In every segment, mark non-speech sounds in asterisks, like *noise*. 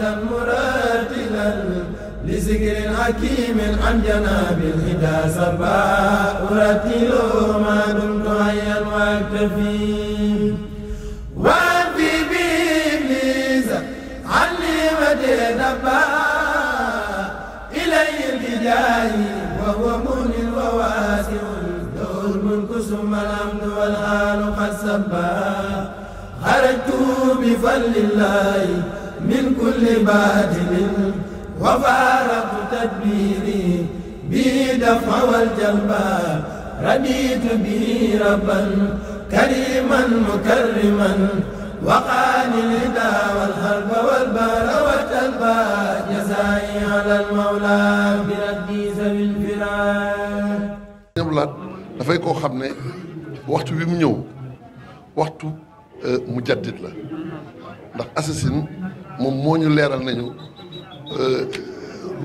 عبدا مرتلا لذكر حكيم عن جناب الهدى سربا أرتل ما دمت حيا واكتفي وأنفي بإبليس عني متدبا إليه الهداي وهو مهن وواسع له الملك ثم الحمد والآل قد سبا خرجت بفضل الله من كل باطل وفارق تدبيري به دفع والجلب رديت به ربا كريما مكرما وقال الهدى والحرب والبار والتلبى جزائي على المولى بردي ذوي الفراق ñamlaat dafay koo xam ne waxtu wi mu ñëw waxtu mu jaddit la ndax assasine moom moo ñu leeral nañu euh,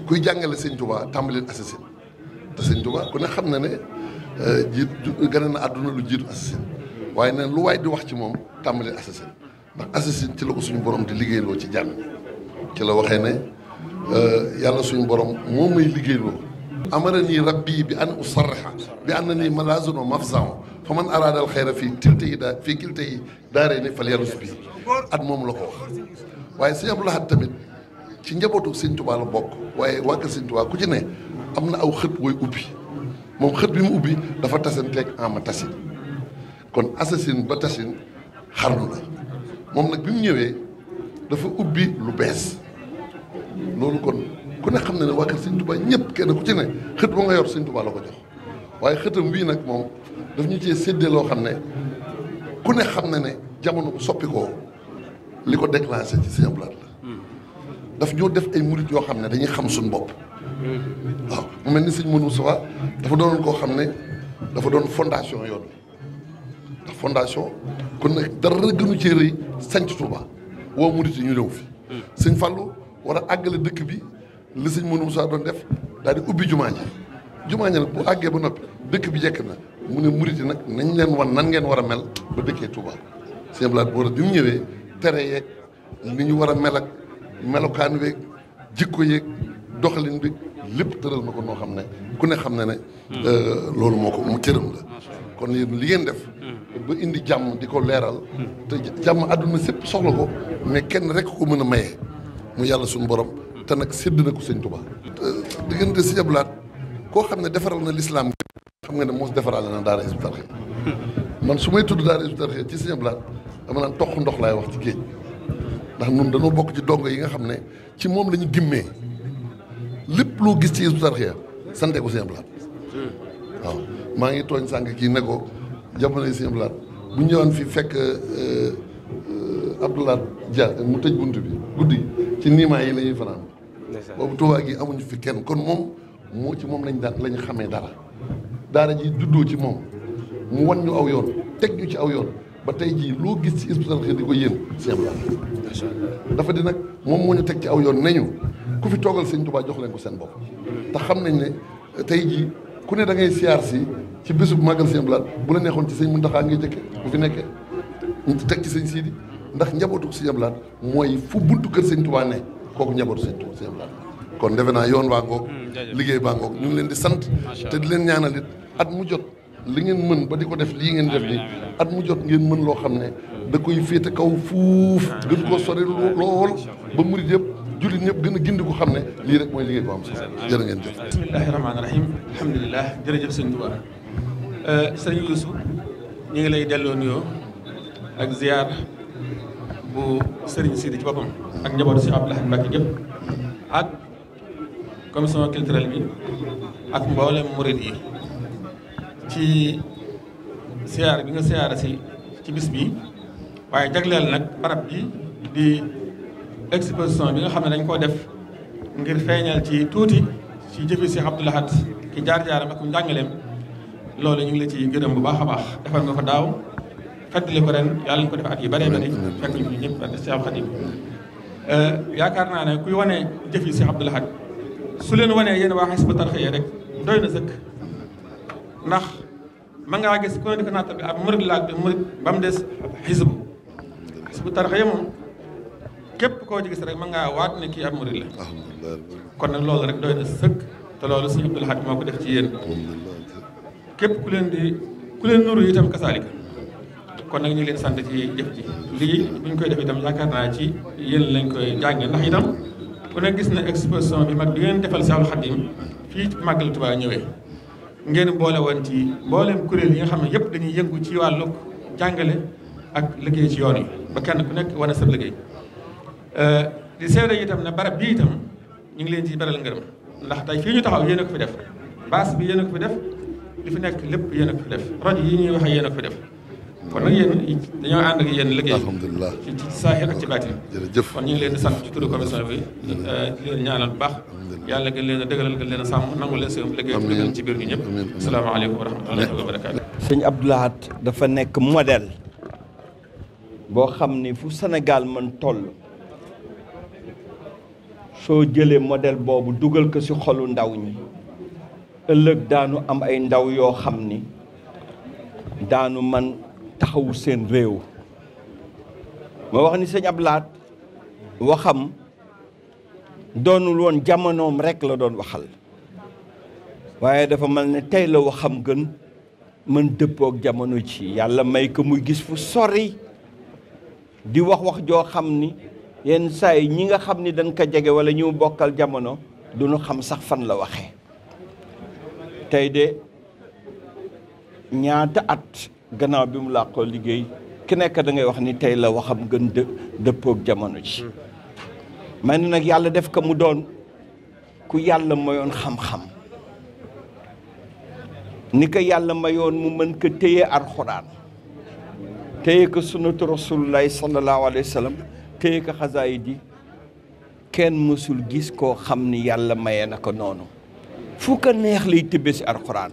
kuy jàngale sëñ Tuubaa tàmbalil assassin te sëñ Tuubaa ku ne xam na ne euh, jiit gane na àdduna lu jiit assassin waaye nag lu waaye di wax ci moom tàmbalil assassin ndax assassin ci la ko suñu borom di liggéeyloo ci jànn ci la waxee ne euh, yàlla suñu borom moom may liggéeyloo amara nii rabbi bi an usarriha bi an na nii malazun wa mafzan fa man araadal xayra fii tilte yi fii kilte yi daaree ni fal yarus bi at moom la ko wax waaye sëñ Abdou Lahad tamit ci njabootu sëñ Tuubaa bokk waaye wàgg sëñ Tuubaa ku ci ne am na aw xët wooy ubbi moom xët bi mu ubbi dafa tasanteeg ama tasin kon assasine ba tasin xarnu la moom nag bi mu ñëwee dafa ubbi lu bees loolu kon ku ne xam ne ne waa kër sëñ Tuubaa ñëpp kenn ku ci ne xët ba nga yor sëñ Tuubaa la ko jox waaye xëtam wii nag moom daf ñu ci séddee loo xam ne ku nekk xam na ne jamono bu soppikoo li ko déclenché ci Sëñ Abdou Lahad la daf ñoo def ay murit yoo xam ne dañuy xam suñu bopp waaw mu mel ni sëñ Modou Moustapha dafa doon koo xam ne dafa doon fondation yoon ndax fondation kon nag dara gënu ci rëy sanc Touba woo murit yi ñu ñëw fi sëñ Fallou war a àggale dëkk bi li sëñ Modou Moustapha doon def daal di ubbi jumaa ji jumaa ji nag bu àggee ba noppi dëkk bi jekk na mu ne murit nag nañ leen wan nan ngeen war a mel ba dëkkee Touba sëñ Abdou Lahad war tere yeeg ni ñu war a mel melokaan weeg jikko yeeg doxalin bi lépp tëral na ko noo xam ne ku ne xam ne ne hmm. euh, loolu moo ko mu cëram la kon yéen li ngeen def hmm. ba indi jàmm di ko leeral hmm. te jàmm àdduna sépp soxla ko mais kenn rek ko mën a maye mu yàlla suñu borom te nag sédd na ko sëñ Tuubaa diggante si jablaat koo xam ne defaral na lislaam xam nga ne moos defaraale na daara Hizbut Tarqiyyah man su may tudd daara Hizbut Tarqiyyah ci si dama naan toq ndox laay wax ci géej ndax ñun dañoo bokk ci dongo yi nga xam ne ci moom la ñu gimmee lépp loo gis ci Hizbut Tarqiyyah sante ko Sëñ Blaat waaw maa ngi tooñ sànq kii ne ko jamono yi laat Blaat bu ñëwaan fi fekk euh, euh, Abdoulaat Dia mu tëj bunt bi guddi ci niimaa yi la ñuy fanaan boobu Tuubaa gi amuñu fi kenn kon moom moo ci moom lañ daan lañ xamee dara daara ji juddoo ci moom mu wan ñu aw yoon teg ñu ci aw yoon ba tey jii loo gis ci Hizbut Tarqiyyah di ko yéen sëñ Abdoulaye dafa di nag moom moo ñu teg ci aw yoon nañu ku fi toogal sëñ Tuubaa jox leen ko seen bopp te xam nañ ne eh, tey jii ku ne dangay ngay siyaar si ci bésub màggal sëñ laat bu la neexoon ci sëñ mu ndax a ngay jëkk ku fi nekkee ñu teg ci sëñ Siidi ndax njabootu si sëñ Abdoulaye mooy fu buntu kër sëñ Tuubaa ne kooku njabootu sëñ Tuubaa sëñ kon ndefe naa yoon waa ngoog mm, liggéey baa ngoog ñu ngi leen di sant te di leen ñaanal it at mu jot li ngeen mën ba di ko def lii ngeen def nii at mu jot ngeen mën loo xam ne da koy féete kaw fuuf gën koo sori lool ba murit yëpp jullit ñëpp gën a gindi ko xam ne lii rek mooy li liggéey ko am sax jërë ngeen jëf bismillahi rahmaani rahim alhamdulilah jërëjëf sëñ Tuubaa euh, sëñ Youssou ngi lay delloo nuyoo ak ziar bu sëriñ Sidi ci boppam ak njabootu si Abdoulaye Mbacke gépp ak commission culturelle bi ak mboolem murit yi ci siyaar bi nga siyaara si ci bis bi waaye jagleel nag barab bi di exposition bi nga xam ne dañ koo def ngir feeñal ci tuuti ci jëfi si Abdou Lahad ki jaar-jaaram ak njàngaleem loolu ñu ngi la ci gërëm bu baax a baax defal nga ko daaw fàttali ko ren yàlla ko def at yi bëree bëri fekk ñu ñëpp Seex Xaadim euh, yaakaar naa ne kuy wane jëf yi Seex Abdou Lahad su leen wanee yéen waa Hizbut Tarqiyyah rek doy na sëkk ndax ma ngaa gis ku ne di ko naata bi ab murit laak bi murit ba mu des xisbu xisbu tarxee moom képp koo ci gis rek ma ngaa waat ne kii ab murit la kon nag loolu rek doy na sëkk te loolu suñu Abdul moo ko def ci yéen képp ku leen di ku leen nuru itam kasaalika kon nag ñu leen sant ci jëf ji koy def itam yaakaar naa ci yéen lañ koy jàngee ndax itam ku ne gis na exposition bi mag bi ngeen defal Seexul Xadiim fii ci Màggal Tuubaa ñëwee ngeen boole woon ci mbooleem kuréel yi nga xam ne yëpp dañuy yëngu ci wàllu jàngale ak liggéey ci yoon ba kenn ku nekk wane sa liggéey eh, di seede itam ne barab bii itam ñu ngi leen ci baral ngërëm ndax tey fii ñu taxaw yéen a fi def baas bi yéen a ko fi def li fi nekk lépp yéen a ko fi def rajo yi ñuy wax yéen a ko fi def kon nag yéen dañoo ànd ak yéen liggéey alhamdulilah ci ci saahir ak kon ñu leen di sant ci turu commission bi di leen ñaanal bu baax yàlla gën leen a leen a sàmm nangu leen biir ñu ñëpp asalaamaaleykum wa rahmatullahi wa barakaatu sëñ Abdoulahat dafa nekk modèle boo xam ni fu senegal man toll soo jëlee model boobu dugal ko ci xolu ndaw ñi ëllëg daanu am ay ndaw yoo xam ni daanu man taxawu seen réew ma wax ni sëñ Abdou Lahad waxam doonul woon jamonoom rekk la doon waxal waaye dafa mel ne tey la waxam gën mën dëppook jamono ci yàlla may ko muy gis fu sori di wax wax joo xam ni yenn saa ñi nga xam ni dañ ko jege wala ñu bokkal jamono du ñu xam sax fan la waxe tey de ñaata at gannaaw bi mu làqoo liggéey ki nekk da ngay wax ni tey la waxam gën dë dëppook jamono ji mm. may na nag yàlla def ko mu doon ku yàlla mayoon xam-xam ni ko yàlla mayoon mu mën ko téye alxuraan téye ko sunnatu rasulullahi sallallahu alayhi wa sallam téye ko xasaay di kenn mësul gis koo xam ni yàlla maye na ko noonu fu ko neex lay tibbe si alxuraan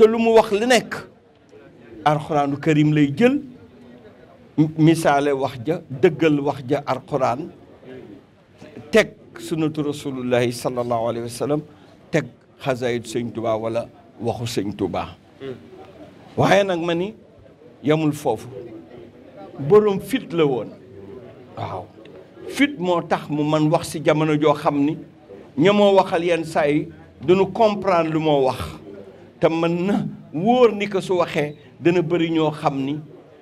te lu mu wax li nekk alxuraanu karim lay jël misaale wax ja dëggal wax ja alxuraan teg sunnatu rasulullahi sallallahu alayhi wa teg xasaayid sëñ tubaa wala waxu sëñ tubaa waaye nag ma ni yamul foofu borom fit la woon waaw fit moo tax mu man wax si jamono joo xam ni ña waxal yenn saa yi duñu comprendre lu moo wax te mën na wóor ni ko su waxee dana bëri ñoo xam ni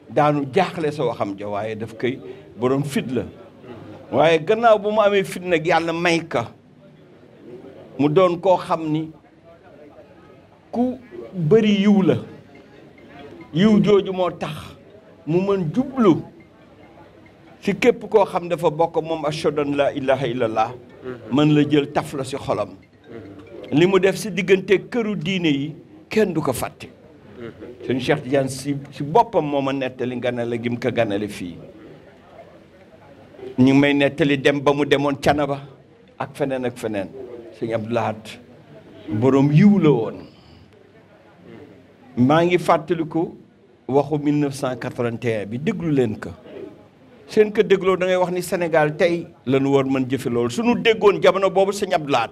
daanu jaaxle sa waxam ja waaye daf koy borom fit la waaye gannaaw bu mu amee fit nag yàlla may ka mu doon koo xam ni ku bëri yiw la yiw jooju moo tax mu mën jublu ci képp koo xam dafa bokk moom ashhadu an laa ilaaha illallah mhm. mën la jël taf la ci xolam mhm. li mu def ci diggante këru diine yi kenn du ko fàtte sëñ Cheikh Tidiane si si boppam moo ma nettali la gim ko ganale fii ñu may nettali dem ba mu demoon canaba ak feneen ak feneen sëñ Abdou Lahad boroom yiw la woon maa ngi fàttaliku waxu 1981 bi déglu leen ko seen ko dégloo da ngay wax ni senegal tey la ñu war mën jëfe loolu suñu déggoon jamono boobu sëñ Abdou Lahad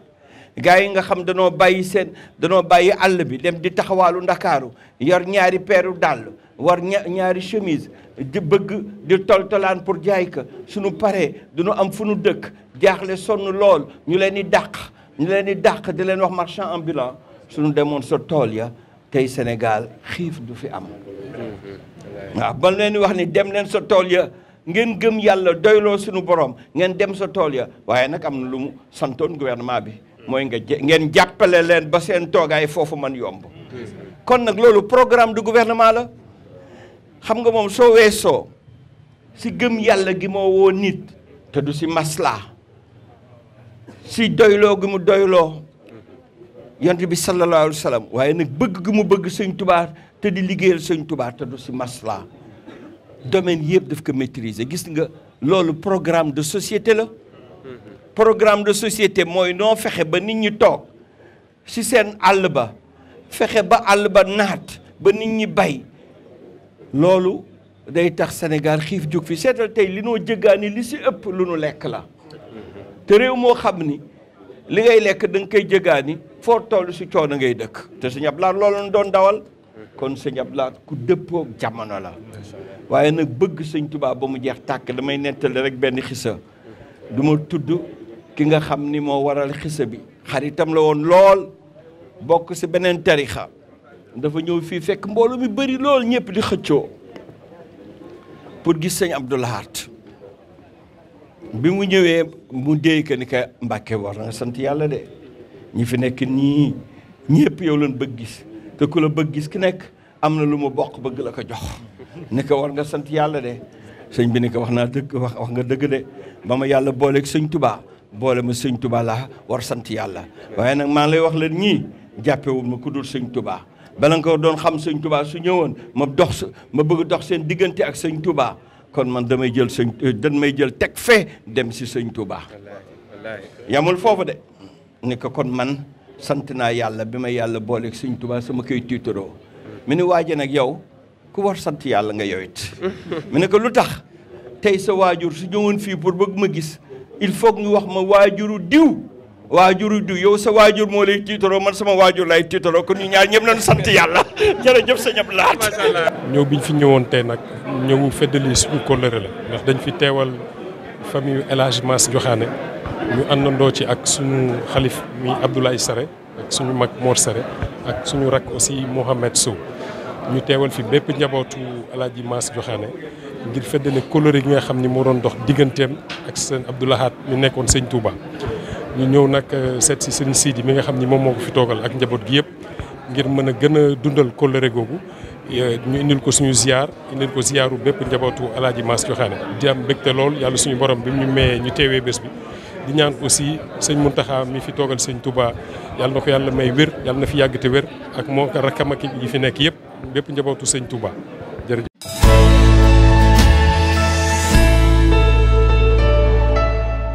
gars yi nga xam danoo bàyyi seen danoo bàyyi àll bi dem di taxawaalu ndakaaru yar ñaari peeru dàll war ñaari chemise di bëgg di toltolaan pour jaay ka suñu paree duñu am fu nu dëkk jaaxle sonn lool ñu leen di dàq ñu leen di dàq di leen wax marchand ambulant suñu demoon sa tool ya tey Sénégal xiif du fi am waaw ban leen di wax ni dem leen sa tool ya ngeen gëm yàlla doyloo sunu borom ngeen dem sa tool ya waaye nag am na lu santoon gouvernement bi mooy nga ngeen jàppale leen ba seen toogaay foofu man yomb kon nag loolu programme du gouvernement la xam nga moom soo weesoo si gëm yàlla gi moo woo nit te du si maslaa si doyloo gi mu doyloo yonent bi sallallahu alayhi waaye nag bëgg gi mu bëgg sëñ Tuubaa te di liggéeyal sëñ Tuubaa te du si maslaa domaine yëpp daf ko maîtriser gis nga loolu programme de société la programme de société mooy noo fexe ba nit ñi toog ci seen àll ba fexe ba àll ba naat ba nit ñi bay loolu day tax senegal xiif jóg fi seetal tey li noo jëggaani li si ëpp lu nu lekk la te réew moo xam ni li ngay lekk danga koy jëggaani foo toll ci coono ngay dëkk te sëñ Ablaat loolu nu doon dawal kon sëñ Ablaat ku dëppoo jamono la waaye nag bëgg sëñ Tuubaa ba mu jeex tàkk damay nettali rek benn xisa du ma tudd ki nga xam ni moo waral xisa bi xaritam la woon lool bokk si beneen tarixa dafa ñëw fii fekk mbooloo mi bëri lool ñëpp di xëccoo pour gis sëñ Abdou Lahat bi mu ñëwee mu déy que ni ka Mbàkke war na nga sant yàlla de ñi fi nekk nii ñëpp yow lañ bëgg gis te la bëgg gis ki nekk am na lu ma bokk bëgg la ko jox ni ko war nga sant yàlla de sëñ bi ni ko wax naa dëgg wax wax nga dëgg de ba ma yàlla booleeg sëñ Tubaa boole ma sëñ Touba laa war sant yàlla waaye nag maa ngi lay wax leen ñii jàppewul ma ku dul sëñ Touba bala nga ko doon xam sëñ Touba su ñëwoon ma dox ma bëgg dox seen diggante ak sëñ Touba kon man damay jël sëñ euh, dañ may jël teg fee dem si sëñ Touba yamul foofu de ni ko kon man sant naa yàlla bi ma yàlla booleeg sëñ Touba sama koy tiitaroo mu ni waaje nag yow ku war sant yàlla nga yow mu ne ko lu tax tey sa waajur su ñëwoon fii pour bëgg ma gis il faut que wax ma waajuru diw waajuru diw yow sa waajur moo lay tiitaroo man sama waajur lay tiitaroo kon ñu ñaar ñëpp nañu sant yàlla *laughs* jërëjëf sa Abdou Lahad. ñëw bi ñu fi ñëwoon tee nag ñëwu feddali suñu kóllëre la ndax dañu fi teewal famille El Hadj Mass Joxaane ñu àndandoo ci ak suñu xalif mi Abdoulaye Sare ak suñu mag Mor Sare ak suñu rakk aussi Mohamed Sow ñu teewal fi bépp njabootu El Hadj Mass Joxaane ngir feddale kóllëre gi nga xam ni moo doon dox digganteem ak seen Abdou Lahad mi nekkoon sëñ Touba. ñu ñëw nag euh, seet si sëñ Sidi mi nga xam ni moom moo ko fi toogal ak njaboot gi yëpp ngir mën a gën a dundal kóllëre googu ñu indil ko suñu ziar indil ko ziaru bépp njabootu alaaji Mass Diokhane di am te lool yàlla suñu borom bi mu ñu mayee ñu teewee bés bi di ñaan aussi sëñ Mountakha mi fi toogal sëñ Touba yàlla na ko yàlla may wér yàlla na fi yàgg te wér ak moo ko rakkam ak fi nekk yëpp bépp njabootu sëñ